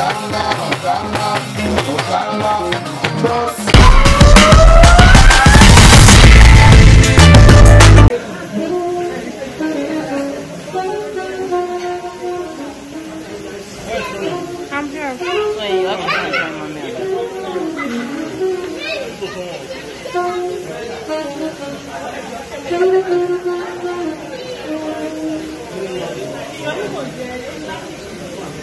Osana, Osana, Osana, Osana. Thank you.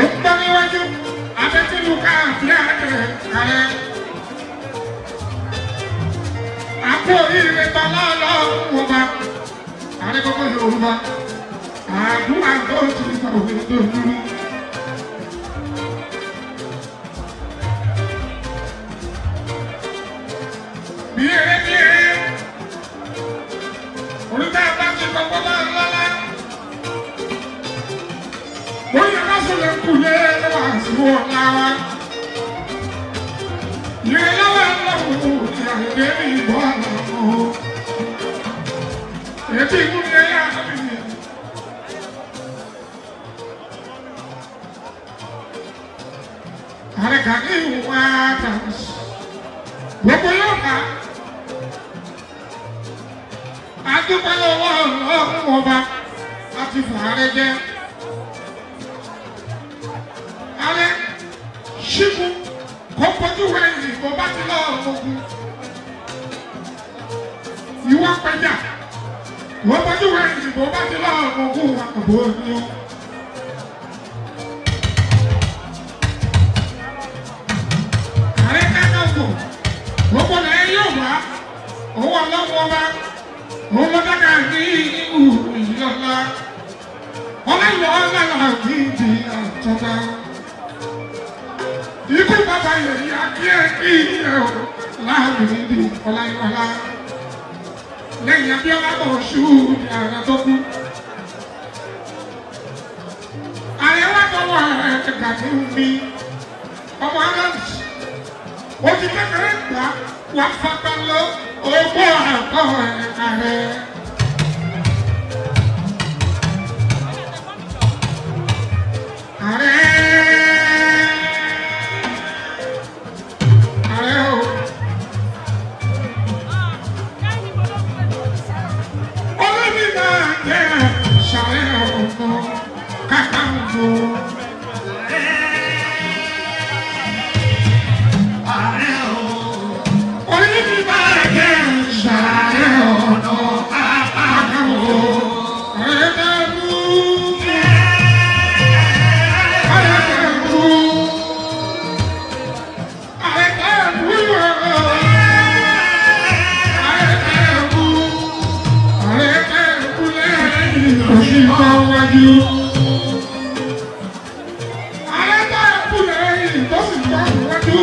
nígbàmíwájú abẹ́tìlú káàfin àgbẹ̀ kàrẹ́. àpò oríire tọ́lá ọlọ́run mo bá àrẹ gbogbo yorùbá àdúrà tó ti kule masu lawa ye lawa la mu ya ne mi bo na mo e ti ku ne ya mi are ka ni wa ta gbogbo yóò ká adúpẹ́ lọ́wọ́ ọlọ́run ọba àti fàárẹ̀ jẹ́. ṣíkú kó fojú wẹ̀yìn kó bá ti lọ́ọ́ ogun ìwọ pẹja kó fojú wẹ̀yìn kó bá ti lọ́ọ́ ogun àbò ni ó. ààrẹ kẹ́kẹ́ kò gbogbo náà yóò wá owó ọlọ́wọ́ bá owó dáká ní ìlú ìyọ̀lá ọlọ́lọ́ ọlọ́lọ́ àbí ìdí àtọ́gbá ikú bàbá yèyí akíyèkí ẹ o láàrin níbi ọláyọlá lẹ́yìn abíọ́lá bọ ṣú ní ààrẹ tó kú ààrẹ wà lọ́wọ́ ààrẹ gàdé mi ọmọ aráàlú òfin kékeré gbà wà fagbá lọ owó àgọ́ ààrẹ. ṣàlẹ́ ọ̀gbọ̀n kákà ń bọ̀. síwájú. Alẹ́ tá a kú lẹ́yìn tó sì bá wájú.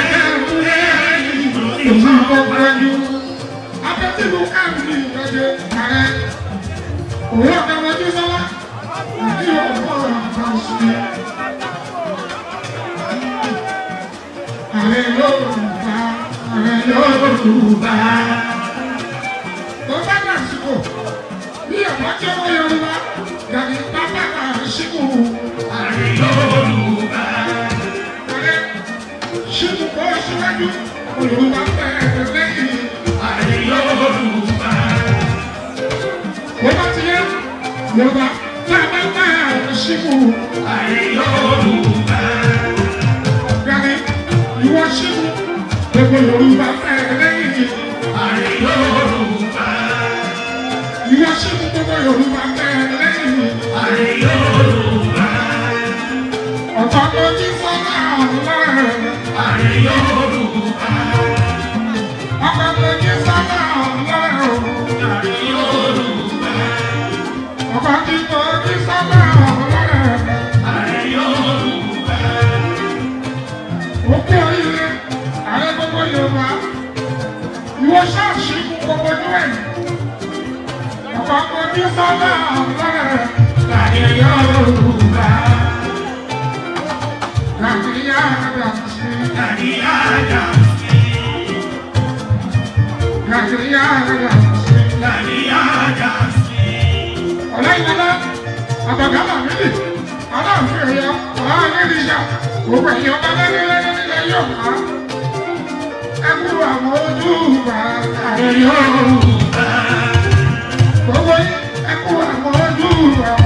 Ẹ̀ka kú lẹ́yìn tó sì bá wájú. Abẹ́tìlú káàmì ìrọ̀jẹ̀ ààrẹ. Òwúrọ̀ kan wájú sọ́wọ́. Ìdí òwúrọ̀ àbá oṣù mi. Ààrẹ Yorùbá, ààrẹ Yorùbá. Bọ́lá náà sọ̀rọ̀ bí ọ̀pá jẹ́ wọ́n Yorùbá síkù. you, olùbá. síkù bọ́ síwájú olùbá pẹ̀lú lẹ́yìn. àríyá olùbá. wọ́n bá ti yẹ yorùbá tá a bá gbà síkù. àríyá olùbá. gàdí ìwọ síkù gbogbo yorùbá. àárín Yorùbá. Ọ̀pọ̀lọpọ̀ ní sábà ọlọ́run àárín Yorùbá. Ọ̀pọ̀lọpọ̀ ní sábà ọlọ́run àárín Yorùbá. Òkú oríire ààrẹ gbogbo Yorùbá. Ìwọ ṣáàṣì kú gbogbo níwẹ̀yìn. Ọ̀pọ̀lọpọ̀ ní sábà ọlọ́run àárín Yorùbá. ọlọ́yìnlá àbàgàlà méjì aláàfin ẹ̀yà ọ̀há ẹ̀rẹ́dìṣà gbogbo ẹ̀yìn ọba lẹ́lẹ́lẹ́lẹ́ nílẹ̀ yóò bá ẹkú àwọn ojú bá àrẹ yóò bá gbogbo ẹkú àwọn ojú bá.